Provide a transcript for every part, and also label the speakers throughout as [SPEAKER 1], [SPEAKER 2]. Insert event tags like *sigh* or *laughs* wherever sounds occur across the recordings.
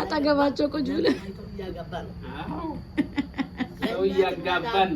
[SPEAKER 1] አጠገባቸው ቁጭ ብለህ
[SPEAKER 2] ሰው እያጋባን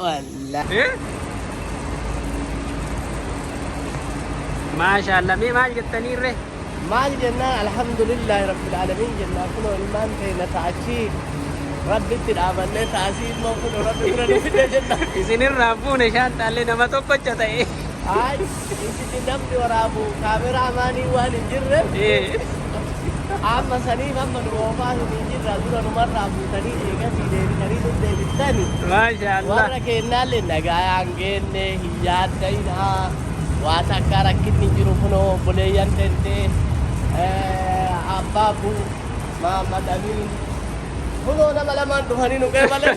[SPEAKER 1] والله
[SPEAKER 2] ايه ما شاء الله مين ماجد التنير له
[SPEAKER 1] ماجد جنان الحمد لله رب العالمين جنان كله المان في نتعشي ربي رب تلعبن نتعشي ما كله رب كله في جنان
[SPEAKER 2] يزين الرافون شان تعلي نما توقف جتاي
[SPEAKER 1] آج يزين نم ورابو كاميرا ماني وان يجرب إيه أما سني ما من وفاه من جرب دون مرة أبو تنير إيه؟ tani
[SPEAKER 2] mashallah
[SPEAKER 1] warra keennaallee nagaan geenne hiyyaadda hidhaa waan akka rakkinni jiru kunoo obboleeyyan tentee abbaa buu Muhammad Amin kunoo nama lamaan dhufanii nu qee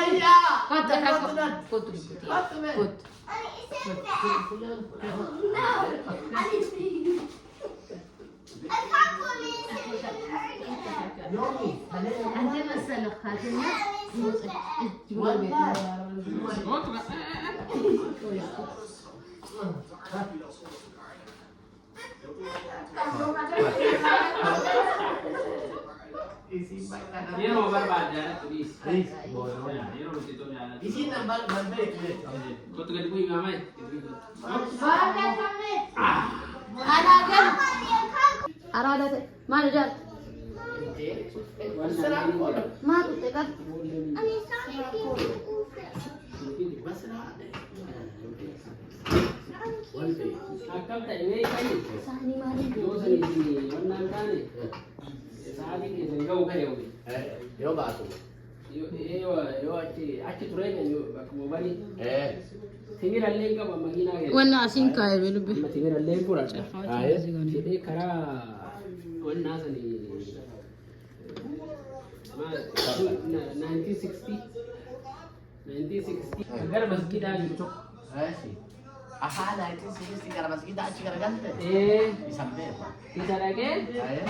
[SPEAKER 2] వద్దు నాకు వద్దు వద్దు
[SPEAKER 3] عندما سلق خاتمة Thank you.
[SPEAKER 2] ये नंबर बाद जाना please please बोलो यार ये रोटी तो जाना इसी नंबर बंद पे तो तो कोई काम है
[SPEAKER 4] बाहर का काम है बाहर आ गया आ रहा है मार जा मार उठे का
[SPEAKER 1] सानी मारी दो सही mbele huyu. Eh, yomba asubu. Iyo iyo achi achi turene yo bakumubali. Eh. Tingira lenga mama gina ge. Wanna asin ka ebelube. Tingira lenga racha. Ah, yes. Tidi kara wanna sani. Ma 1960 1960 agar masjid a jirto.
[SPEAKER 2] Eh. Aha, 1960 kara masjid a achi kara galte. Eh. Isabe. Isarage? Ah, yes.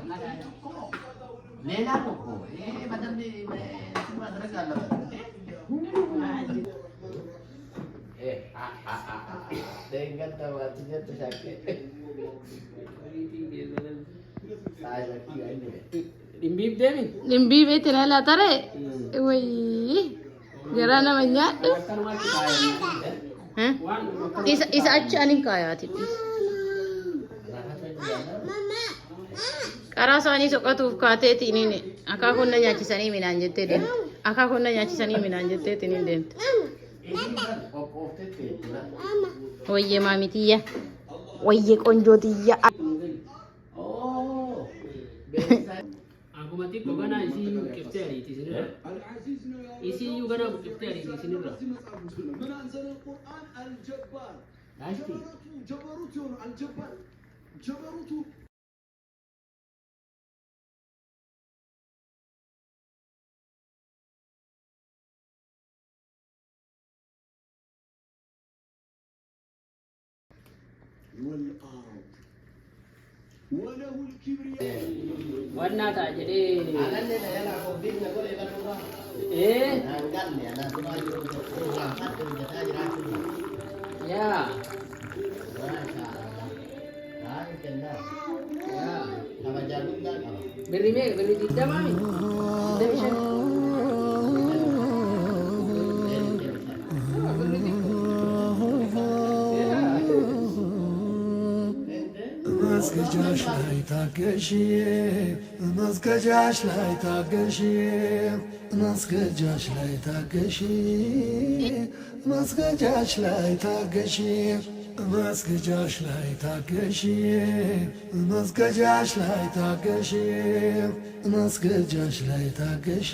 [SPEAKER 2] ሌላ ነው እኮ ይሄ በደንብ ማድረግ አለበት።
[SPEAKER 1] ድንቢ ቤት ነላጠረ ወይ ገራ ነመኛድ isa achi anin kaayaati karaa isaanii soqatuuf kaateetiin inni akaakuun na nyaachisanii minaan jettee deemte. Akaakuun na nyaachisanii minaan jettee inni deemte. Wayye maamitiyya. Wayye iya, iya, qonjootiyya.
[SPEAKER 2] Akkuma xiqqoo kana isiin qibxee ariiti isinirra. Isiin iyyuu kana qibxee ariiti isinirra. Daashti.
[SPEAKER 1] والأرض وله الكبرياء والناتا جدي Ya, ya. Kan? Beri mek beri tidak mami. Tidak bisa.
[SPEAKER 5] መስገጃሽ ላይ ታገሽ መስገጃሽ ላይ ታገሽ መስገጃሽ ላይ ታገሽ መስገጃሽ ላይ ታገሽ መስገጃሽ ላይ ታገሽ መስገጃሽ ላይ ታገሽ መስገጃሽ ላይ ታገሽ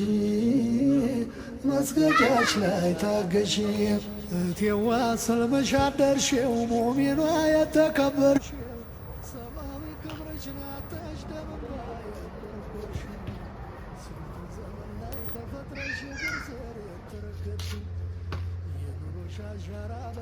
[SPEAKER 5] መስገጃሽ ላይ ታገሽ እቴዋ ሰልመሻ ደርሼው ሞሚኗ የተከበርሽ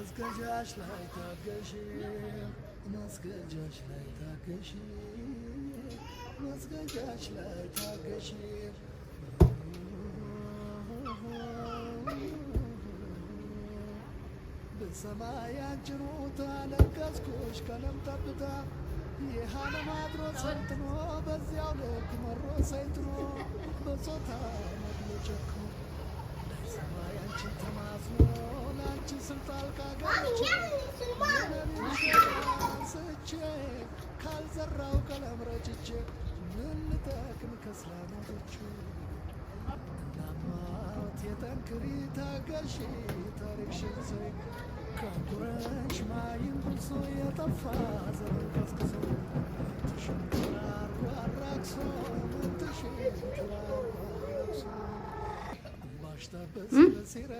[SPEAKER 5] መስገጃሽ ላይ ላይ ላይ በሰማይ አንቺን ታለቀስኩሽ ቀለም ጠብታ የሃለማ አድሮ ሰልጥኖ በዚያው ልክ መሮ ሰይጥኖ በጾታ መድሎ ጨክኖ እንዳይሰማ ያንቺን ተማጽኖ ለአንቺ ስልጣል
[SPEAKER 4] ካገች
[SPEAKER 5] ስቼ ካልዘራው ቀለም ረጭቼ ምንጠቅም ከስላሞቶቹ እናማት የጠንክሪ ታገሺ ታሪክሽን ሰይ ከኩረሽ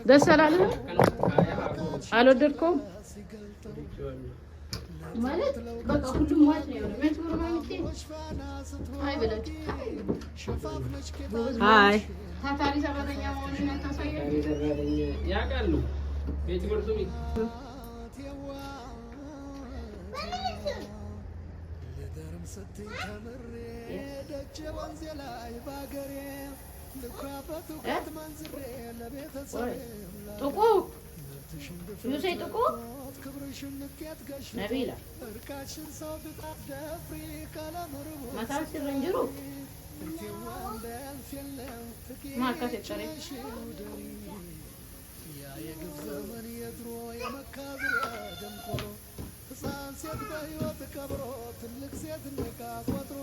[SPEAKER 1] ደስ አላለ? አልወደድከውም ማለት በቃ ሁሉም ማለት ነው። ታታሪ ሰራተኛ መሆንሽን
[SPEAKER 2] ያሳያል። ልደርም ስትይ ተምሬ
[SPEAKER 1] ደጀ ወንዜ ላይ ባገሬ ልኳበት እውቀት መንዝሬ ለቤተሰብ ክብርሽን ንቄት ገሽ እርቃሽን የግብ ዘመን የድሮ የመካብሪያ ደንቆሮ ሕፃን ሴት በሕይወት ቀብሮ ትልቅ ሴት ንቃ ቆጥሮ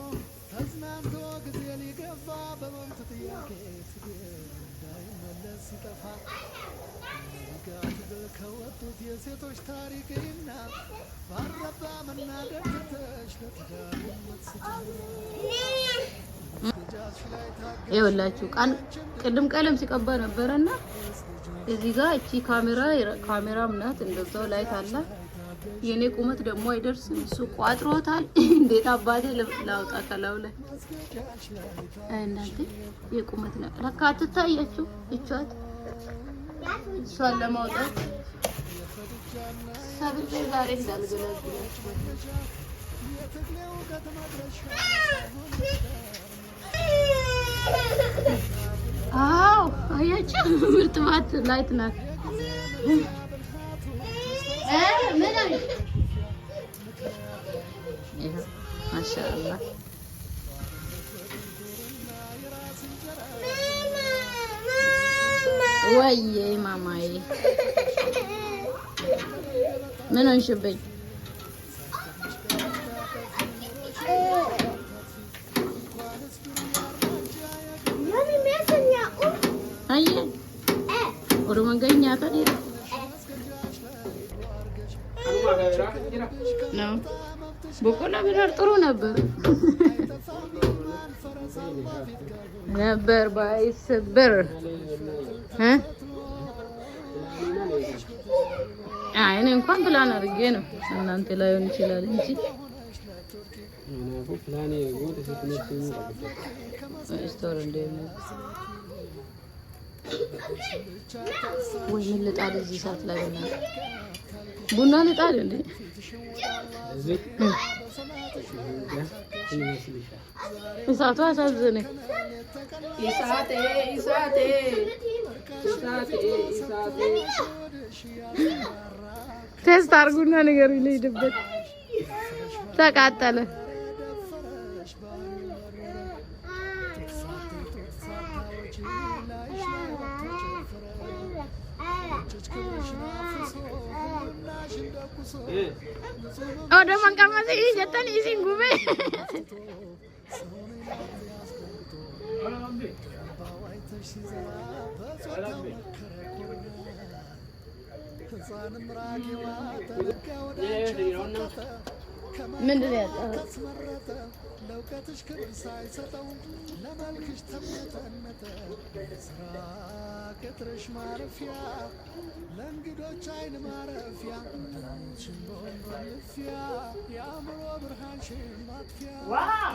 [SPEAKER 1] ተዝናንቶ ጊዜ ሊገፋ በመብት ጥያቄ እንዳይመለስ ሲጠፋ ጋት ከወጡት የሴቶች ታሪክና ባረባ መናገር ትተሽ ለትዳር የምትስጭ ይኸውላችሁ ቃል ቅድም ቀለም ሲቀባ ነበረና እዚህ ጋር እቺ ካሜራ ካሜራም ናት፣ እንደዛው ላይት አለ። የኔ ቁመት ደግሞ አይደርስም። እሱ ቋጥሮታል። *laughs* እንዴት አባቴ ላውጣ ከላው ላይ እናንተ የቁመት ነው ለካ አትታያችሁ። እቿት እሷን ለማውጣት ሰብቼ ዛሬ እንዳልገላግላችሁ Thank አዎ አያችሁ፣ ምርጥባት ላይት ናት። ማሻአላህ ማማዬ ምን ሆንሽብኝ? ታየ ኦሮሞ እንገኝ ያታ ነው በቆሎ ቢኖር ጥሩ ነበር ነበር ባይሰበር እ አይ እኔ እንኳን ፕላን አድርጌ ነው እናንተ ላይሆን ይችላል እንጂ ፕላኔ ወይ ምን ልጣል እዚህ ሰዓት ላይ ቡና ቡና ልጣል እንዴ? እሳቱ አሳዘነ። ቴስት አርጉና ነገር ይለይድበት ተቃጠለ። Udah mangkal masih ini jatan isi gue. ምንድን ነው ያጣሁት? ለእውቀትሽ ክብር ሳይሰጠው የፍቅርሽ ማረፊያ ለእንግዶች አይን ማረፊያ ሽን በወንዶልፊያ የአእምሮ ብርሃንሽን ማጥፊያ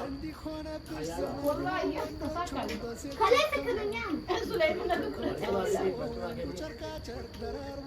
[SPEAKER 1] እንዲሆነብሽ ዘመንዶቻቸው በሴት ጨርቃጨርቅ ደረርቦ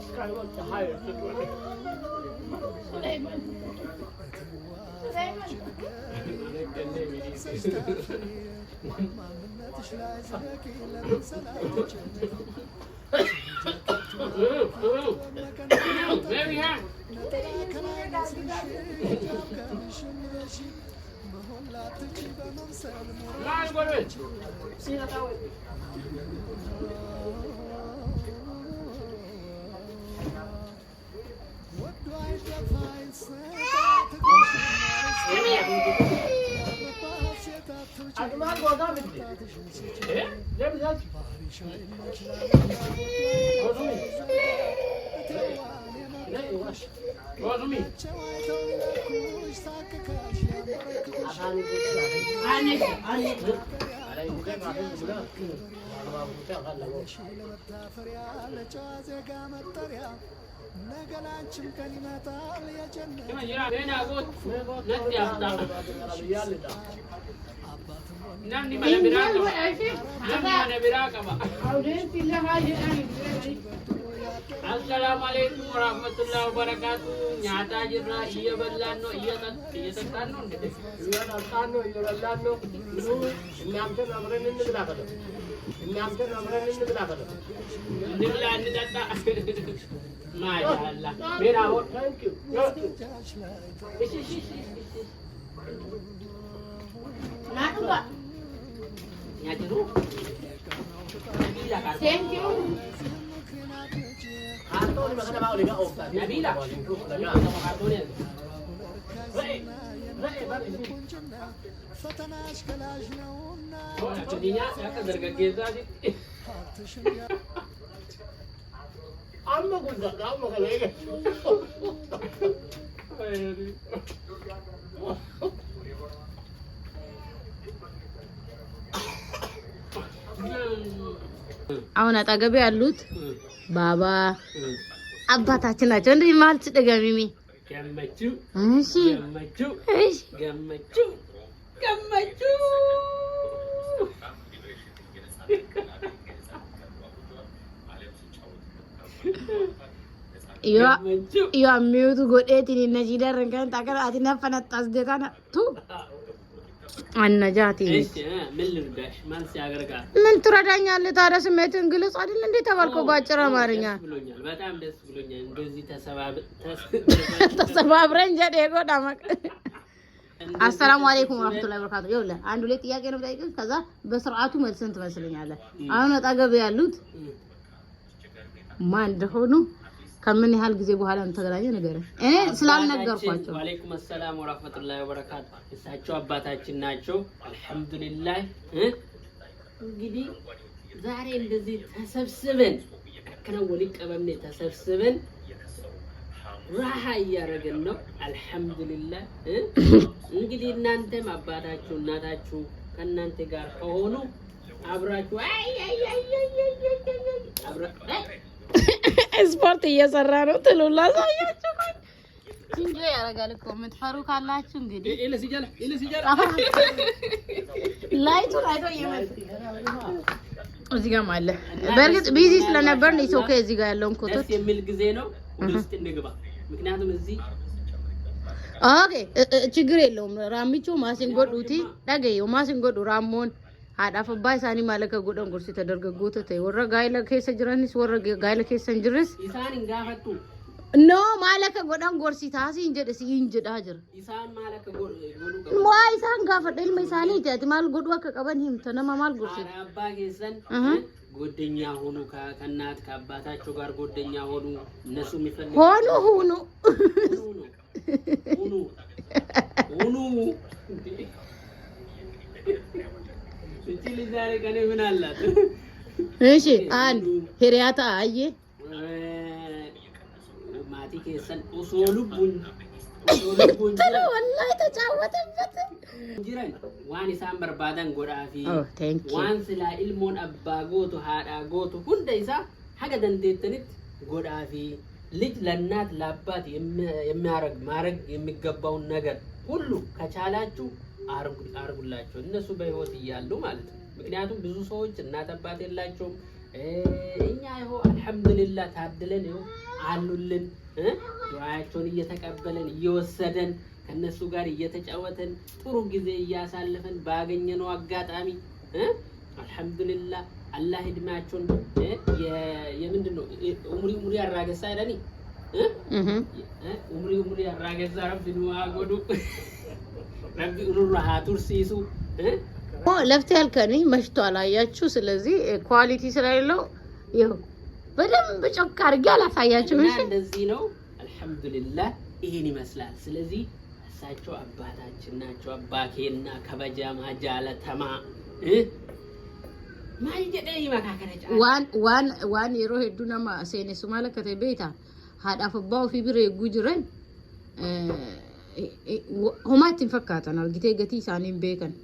[SPEAKER 2] just kind of like the highest of the Very hot. ለመታፈሪያ ለጨዋ ዜጋ መጠሪያ ነገ ላንቺም ቀን ይመጣል አሰላሙ አለይኩም ወራህመቱላሂ ወበረካቱ። ኛታ ጅራ እየበላን ነው፣ እየጠጣን ነው፣ እየጠጣን ነው፣ እየበላን ነው። እናንተን አብረን እንብላ በለው፣ እናንተን አብረን እንብላ በለው፣ እንብላ እንጠጣ माशाल्लाह Allah. Mira, thank you इसी इसी इसी ना तो का यहाँ जरूर thank you kato ni mga tama ulit ka off nabila nabila ka mga kato niyan Ray! Ray! Ray! Oh, jadi niya, kata darga kita. 안 먹은 다안 먹어
[SPEAKER 1] አሁን አጠገብ ያሉት ባባ አባታችን ናቸው። እንዴ ማለት ደጋሚሚ ገመችው፣ እሺ
[SPEAKER 2] ገመችው፣ ገመችው፣
[SPEAKER 1] ገመችው Iyo ammiyutu godheetiin hin najiidhaan kan taakar ati naffa nattaas deetaan tu አነጃት ምን ትረዳኛለህ ታዲያ? ስሜትን ግልጽ አይደል እንዴ ተባልከው በአጭር አማርኛ ተሰባብረን ጀዴ ጎዳማቅ አሰላሙ አለይኩም ወራህመቱላሂ ወበረካቱ። ይኸውልህ አንድ ሁለት ጥያቄ ነው የምጠይቅህ፣ ከዛ በስርዓቱ መልስን ትመስለኛለህ። አሁን አጠገብ ያሉት ማን እንደሆኑ ከምን ያህል ጊዜ በኋላ እንተገናኘ ነገር እኔ ስላልነገርኳቸው።
[SPEAKER 2] ወአለይኩም ሰላም ወራህመቱላሂ ወበረካቱ። እሳቸው አባታችን ናቸው። አልሐምዱሊላህ። እንግዲህ ዛሬ እንደዚህ ተሰብስበን ከነው ቀበሜ ተሰብስበን ራሃ እያደረግን ነው። አልሐምዱሊላህ። እንግዲህ እናንተም አባታችሁ እናታችሁ ከእናንተ ጋር ከሆኑ አብራችሁ አይ አይ አይ አይ አይ
[SPEAKER 1] ስፖርት እየሰራ ነው ትሉላ ሳያችሁ እንጆ እኮ የምትፈሩ ካላችሁ እንግዲህ እዚህ ጋርም አለ። በእርግጥ ቢዚ ስለነበርን ኢትዮኬ እዚህ ጋር ያለውን
[SPEAKER 2] ኮቶች የሚል ጊዜ ነው። ምክንያቱም እዚህ
[SPEAKER 1] ኦኬ ችግር የለውም። ራሚቾ ማሲንጎ ዱቲ ዳገየው ማሲንጎ ዱራሞን haadhaaf abbaa isaanii maallaqa godhan gorsi dargaggoota ta'e warra gaayila keessa jiranis warra gaayila keessa hin jirres
[SPEAKER 2] isaan hin gaafatu.
[SPEAKER 1] No maallaqa godhan gorsi taasiin jedhe siin jedhaa jira.
[SPEAKER 2] Isaan maallaqa godhu.
[SPEAKER 1] Waa isaan gaafadha ilma isaaniiti ati maal godhu akka qaban himta nama maal
[SPEAKER 2] gorsi. Haadha abbaa keessan ጓደኛ ሆኑ ከእናት ከአባታቸው ጋር ጓደኛ ሆኑ እነሱ የሚፈልጉ
[SPEAKER 1] ሆኑ ሁኑ ሁኑ ሁኑ እሺ አንድ ሄሪያታ አየ ማቲ ተጫወተበት።
[SPEAKER 2] ዋን ቡን በርባዳን ጎዳፊ ዋን ሁሉ አርጉላቸው እነሱ በህይወት እያሉ ማለት ነው። ምክንያቱም ብዙ ሰዎች እናት አባት የላቸውም። እኛ ይሆ አልሐምዱሊላህ ታድለን ይኸው አሉልን። ዱዓያቸውን እየተቀበለን እየወሰደን ከነሱ ጋር እየተጫወተን ጥሩ ጊዜ እያሳለፈን ባገኘነው አጋጣሚ አልሐምዱሊላህ አላህ እድሜያቸውን የምንድን ነው ኡምሪ ኡምሪ አራገሳ አይደል ኡምሪ ኡምሪ አራገሳ ረብ ዱዓ ጎዱ
[SPEAKER 1] ለፍት ያልከን መሽቷል። አያችሁ። ስለዚህ ኳሊቲ ስለሌለው ይኸው በደንብ ጮክ አድርጌ አላሳያችሁም።
[SPEAKER 2] እሺ፣ እንደዚህ ነው። አልሐምዱሊላህ ይሄን ይመስላል። ስለዚህ እሳቸው አባታችን ናቸው። አባኬና ከበጃማ ጃለተማ
[SPEAKER 1] waan yeroo hedduu የሮ ሄዱ ነማ akka ta'e beektaa haadhaaf abbaa ofii bira homaa ittiin fakkaatan argitee gatii isaaniin beekan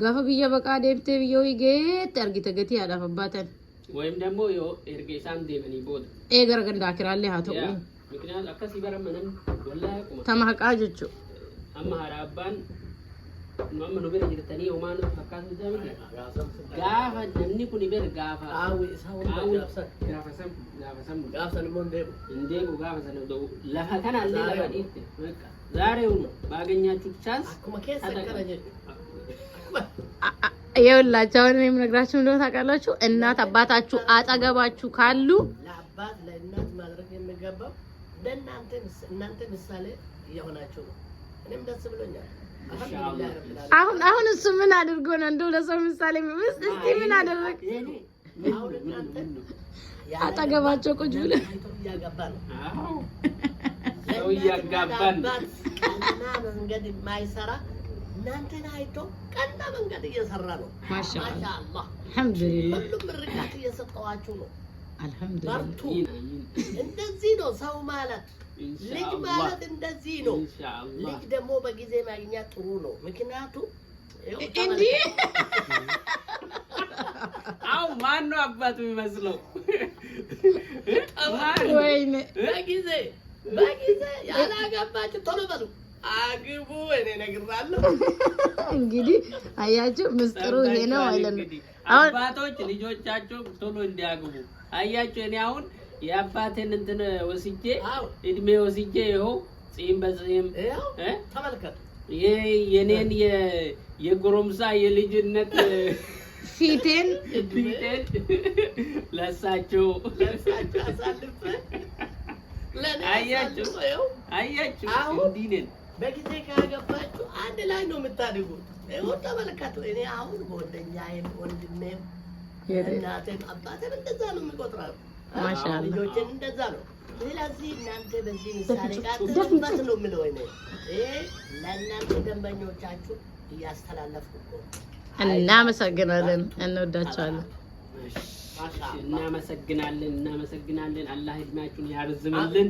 [SPEAKER 1] gaafa biyya baqaa deemtee biyya horii geette argite gatii haadhaaf abbaatan
[SPEAKER 2] ወይም ደግሞ ኤርጌ ሳም ዴመኒ ቦድ
[SPEAKER 1] ኤ ገረገንዳ ኪራሌ ሀ ተኡ
[SPEAKER 2] ምክንያት አካሲ በረመነን ወላ
[SPEAKER 1] ተማቃ ጀቹ
[SPEAKER 2] አማ ሀራባን nama nu bira jirtanii homaa nu fakkaatu jedhamti gaafa namni kun bira gaafa
[SPEAKER 1] gaafa
[SPEAKER 2] san gaafa san
[SPEAKER 1] gaafa san immoo hin deemu
[SPEAKER 2] hin deemu gaafa san lafa kanallee lafa dhiitte ዛሬው ነው ባገኛችሁት ቻንስ
[SPEAKER 1] ይኸውላችሁ አሁን እኔ የምነግራችሁ እንደሆነ ታውቃላችሁ። እናት አባታችሁ አጠገባችሁ ካሉ
[SPEAKER 2] ለአባት ለእናት ማድረግ የሚገባው እናንተ ምሳሌ እየሆናችሁ ነው። እኔም ደስ ብሎኛል።
[SPEAKER 1] አሁን አሁን እሱ ምን አድርጎ ነው እንደው ለሰው ምሳሌ ምስ እስቲ ምን አደረግ አጠገባቸው ቁጭ ብለ
[SPEAKER 2] ሰው እያጋባን ቀና መንገድ የማይሰራ እናንተን አይቶ ቀና መንገድ እየሰራ ነው።
[SPEAKER 1] ማሻአላ ሁሉም
[SPEAKER 2] ምርቃት እየሰጠዋችሁ ነው።
[SPEAKER 1] አልሐምዱሊላህ።
[SPEAKER 2] እንደዚህ ነው ሰው ማለት ልጅ ማለት እንደዚህ ነው። ልጅ ደግሞ በጊዜ ማግኘት ጥሩ ነው። ምክንያቱም እንዲህ አሁን ማነው አባት የሚመስለው? ወይኔ በጊዜ በጊዜ ያላገባችሁ ቶሎ በሉ አግቡ። እኔ እነግራለሁ።
[SPEAKER 1] እንግዲህ አያችሁ ምስጢሩ ይሄ ነው አይደለም።
[SPEAKER 2] አባቶች ልጆቻቸው ቶሎ እንዲያግቡ አያችሁ። እኔ አሁን የአባቴን እንትን ወስጄ እድሜ ወስጄ ይኸው ጺም በጺም ተመልከቱ። የኔን የጎረምሳ የልጅነት ፊቴን ፊቴን ለሳቸው
[SPEAKER 1] ለሳቸው አሳልፈ
[SPEAKER 2] አያችሁ አያችሁ፣ እንዲህ ነን። በጊዜ ካገባችሁ አንድ ላይ ነው የምታድጉት። ይኸው ተመልከቱ። እኔ አሁን ጓደኛዬም ወንድሜም እናቴም አባቴም እንደዛ ነው የሚቆጥረው። ልጆችን እንደዛ ነው። ስለዚህ እናንተ በዚህ ምሳሌ ጋር ተዘበት ነው የምለው ለእናንተ ደንበኞቻችሁ እያስተላለፍኩ
[SPEAKER 1] እናመሰግናለን፣ እንወዳቸዋለን።
[SPEAKER 2] እናመሰግናለን፣ እናመሰግናለን። አላህ እድሜያችሁን ያርዝምልን።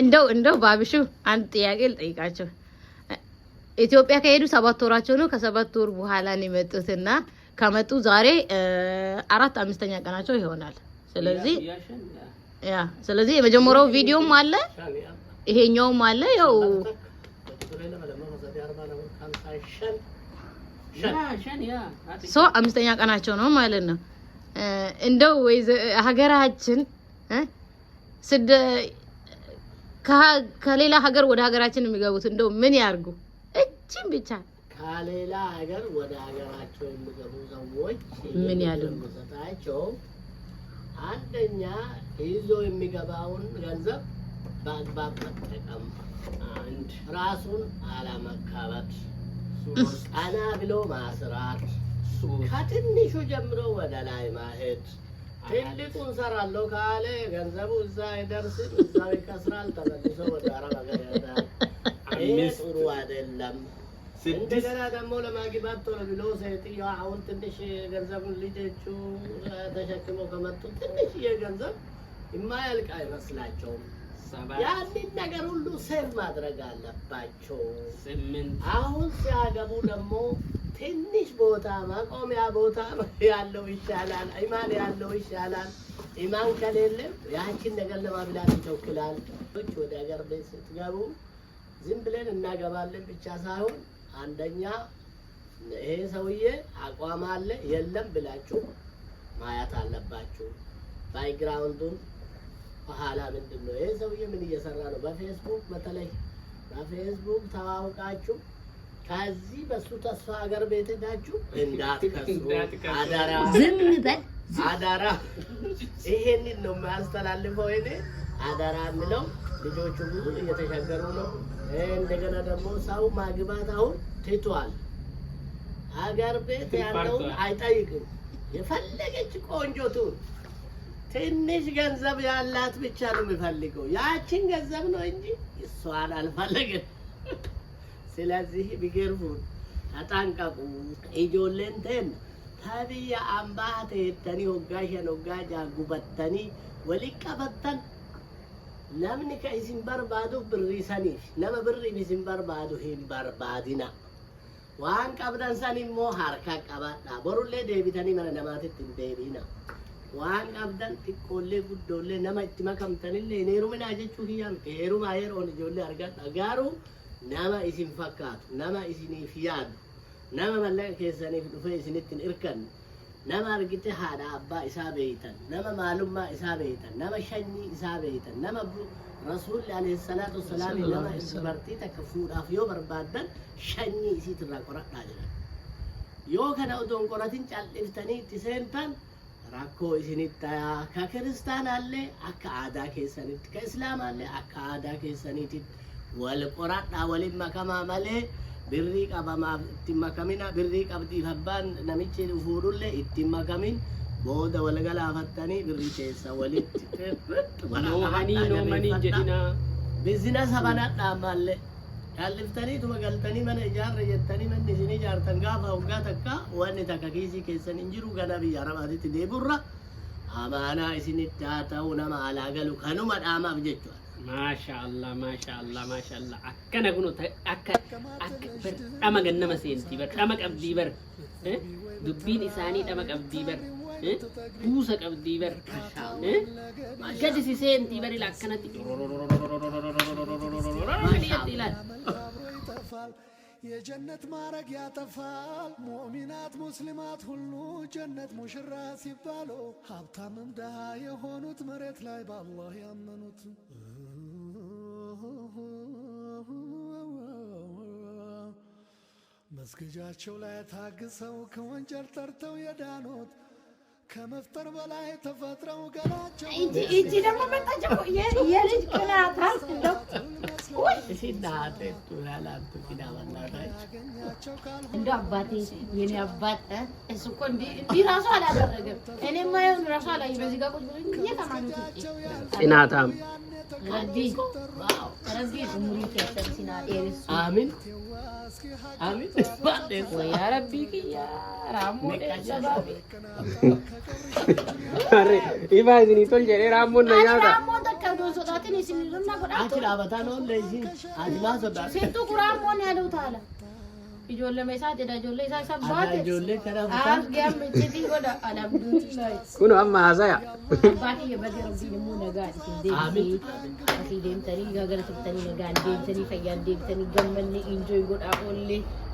[SPEAKER 1] እንደው እንደው ባብሹ አንድ ጥያቄ ልጠይቃቸው። ኢትዮጵያ ከሄዱ ሰባት ወራቸው ነው። ከሰባት ወር በኋላ ነው የመጡትና ከመጡ ዛሬ አራት አምስተኛ ቀናቸው ይሆናል። ስለዚህ ያ ስለዚህ የመጀመሪያው ቪዲዮም አለ ይሄኛውም አለ ያው ሰው አምስተኛ ቀናቸው ነው ማለት ነው። እንደው ወይ ሀገራችን ስደ ከሌላ ሀገር ወደ ሀገራችን የሚገቡት እንደው ምን ያርጉ? እቺን ብቻ
[SPEAKER 2] ከሌላ ሀገር ወደ ሀገራቸው የሚገቡ ሰዎች ምን ያደርጉ? አንደኛ ይዞ የሚገባውን ገንዘብ በአግባብ መጠቀም፣ አንድ ራሱን አለመካበት፣ ቀና ብሎ ማስራት ከትንሹ ጀምሮ ወደ ላይ ማሄድ ትልቁን ሰራለሁ ካለ ገንዘቡ እዛ ይደርስም፣ እዛው ይከስራል፣ ተመልሶ ወደ አረብ ሀገር ይሄ ጥሩ አይደለም። እንደገና ደግሞ ለማግባት ቶሎ ብሎ ሴትዮዋ አሁን ትንሽ ገንዘቡን ልጆቹ ተሸክሞ ከመጡ ትንሽ የገንዘብ የማያልቅ አይመስላቸውም። ያንን ነገር ሁሉ ሴቭ ማድረግ አለባቸው። አሁን ሲያገቡ ደግሞ ትንሽ ቦታ ማቆሚያ ቦታ *laughs* ያለው ይሻላል። ኢማን ያለው ይሻላል። ኢማን ከሌለም ያችን ነገር ለማብላት ይቸኩላል። ወደ ሀገር ቤት ስትገቡ ዝም ብለን እናገባለን ብቻ ሳይሆን አንደኛ ይሄ ሰውዬ አቋም አለ የለም ብላችሁ ማየት አለባችሁ። ባይግራውንዱን በኋላ ምንድን ነው ይሄ ሰውዬ ምን እየሰራ ነው? በፌስቡክ በተለይ በፌስቡክ ተዋውቃችሁ ከዚህ በሱ ተስፋ ሀገር ቤት ሄዳችሁ እንዳትከሱ
[SPEAKER 1] ዝም በል
[SPEAKER 2] አደራ። ይሄንን ነው የሚያስተላልፈው። እኔ አደራ የምለው ልጆቹ ብዙ እየተቸገሩ ነው። እንደገና ደግሞ ሰው ማግባት አሁን ትቷል። ሀገር ቤት ያለውን አይጠይቅም። የፈለገች ቆንጆቱ ትንሽ ገንዘብ ያላት ብቻ ነው የሚፈልገው። ያችን ገንዘብ ነው እንጂ እሷን አልፈለግም። ስለዚህ ቢገርፉን ተጠንቀቁ። ኢጆለንተን ታቢየ አምባቴተኒ ወጋሸን ወጋጃ ጉበተኒ ወሊቀበተን ለምን ከኢዝን በርባዱ ብሪ ሰኒፍ ብሪ ቢዝን በርባዱ ሂን በርባዲና ዋን ቀብደን ሰኒ ሞ ሀርካ ቀባዳ ቦሩሌ ደቢተኒ መለ ነማትትን ደቢና ዋን ቀብደን ጥቆሌ ጉዶሌ ነመ እትመከምተንሌ ኔሩምን አጀቹ ህያም ኬሩም አየር ኦን ጆሌ አርጋ ጋሩ nama isin fakkaatu nama isiniif yaadu nama mallaqa keessaniif dhufee isinittiin irkanne nama argite haadha abbaa isaa beeytan nama maalummaa isaa beeytan nama shanyii isaa beeytan nama rasuulli alayhi salaatu wasalaam nama dubartii takka fuudhaaf yoo barbaaddan shanyii isiit irraa qoradhaa jedhan yoo kana otoon qoratin calliftanii itti seentan rakkoo isinitti ka kiristaanaallee akka aadaa keessanitti ka islaamaallee akka aadaa keessaniititti walqoradha walin makamaa malee birrii qabamaaf ittiin makamina birrii qabdiif abbaan namichi fuudhulle ittiin makamin booda wal galaafattanii birrii keessa walitti
[SPEAKER 1] noomanii noomanii jedhina
[SPEAKER 2] bizinasa banadhaa maallee kalliftanii tuma galtanii mana ijaarra jettanii manni isin ijaartan gaafa hoggaa takka wanni takka kiisii keessan hin jiru gana biyya arabaatitti deebiurra amaanaa isinitti haa ta'uu nama alaa galu kanuma dhaamaaf jechuudha. മാഷാല്ല മാഷാല്ല മാഷാല്ല അക്കനെ കുണു അക്ക അക്ക ബർട്ടമ ഗന്നമ സേന്തി ബർട്ടമ കബ്ദി ബർ ദുബ്ബീൻ ഇസാനി ഡമ കബ്ദി ബർ കൂസ കബ്ദി ബർ ഗജസി സേന്തി ബറിൽ അക്കനത്തി
[SPEAKER 1] മാഷാല്ല የጀነት ማረግ ያጠፋል። ሙእሚናት ሙስሊማት ሁሉ ጀነት ሙሽራ ሲባሉ ሀብታምም ደሃ የሆኑት መሬት ላይ በአላህ ያመኑት መስገጃቸው ላይ ታግሰው ከወንጀል ጠርተው የዳኑት ከመፍጠር በላይ ተፈጥረው ገላቸው። እጅ ደግሞ መጣች የልጅ ቅናት
[SPEAKER 2] እናቴ ያላንቱኪን አባናታች
[SPEAKER 1] እንደ አባቴ የኔ አባት እሱ እኮ እንዲህ ራሱ አላደረገም። እኔማ ይሁን ራሱ አላየሁም። በዚህ ጋር ቁጭ ብዬ ከማለት ውጪ
[SPEAKER 2] ጽናታም አሚን አሚን ያ kun amma haasaya
[SPEAKER 1] deemtanii gaagara tuftanii nagaan deemtanii fayyaan deemtanii gammanni injooy godhaa oollee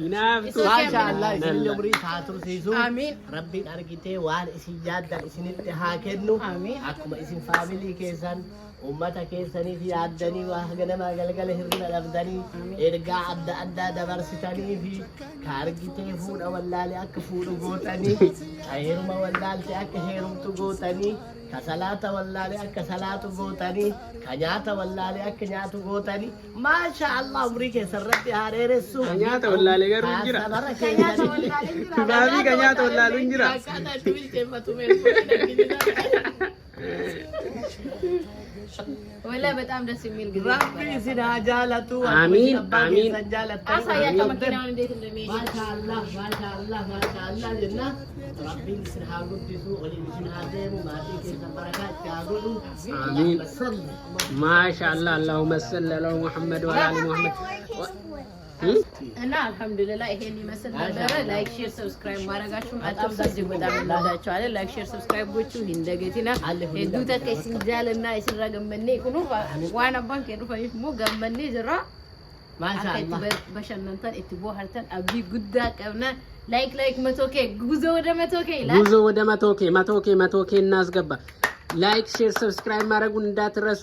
[SPEAKER 2] Insha Allah isin umrii taatu siisu.
[SPEAKER 1] Rabbiin
[SPEAKER 2] argitee waan isin yaaddan isinitti haa kennu. Akkuma isin faamilii keessan ummata keessaniif yaaddanii waa ganama galgala hirna dhabdanii ergaa adda addaa dabarsitanii fi ka argitee fuudha wallaalee akka fuudhu gootanii ka heeruma wallaaltee akka heerumtu gootanii. ከሰላተ አከ ሰላቱ ጎተኒ ከኛተ ወላሊያ ከኛቱ ጎተኒ ማሻ አላህ ኡምሪ ከሰረት ያሬረሱ
[SPEAKER 1] ከኛተ ወላሌ ገሩ እንጅራ ከኛተ ወላሌ እንጅራ
[SPEAKER 2] ባቢ ከኛተ ወላሌ እንጅራ
[SPEAKER 1] ወላሂ በጣም ደስ የሚል ጊዜ አሳያቸው። መኪናውን እንዴት
[SPEAKER 2] እንደሚሄድ ማሻአላህ አላሁመ ሰሊ ዐላ ሙሐመድ ወዐላ አሊ ሙሐመድ
[SPEAKER 1] እና አልሐምዱሊላህ ይሄን ይመስል ነበረ። ላይክ ሼር ሰብስክራይብ ማድረጋችሁን አጣምዛ እጅግ ላይክ ሼር ሰብስክራይቦቹ ይስራ ገመኔ ዋና ባንክ ገመኔ ዝራ በሸነንተን እትቦ ሀርተን ጉዳ ላይክ ላይክ መቶ ኬ ጉዞ ወደ መቶ ኬ
[SPEAKER 2] ጉዞ ወደ መቶ ኬ መቶ ኬ መቶ ኬ እናስገባ። ላይክ ሼር ሰብስክራይብ ማድረጉን እንዳትረሱ።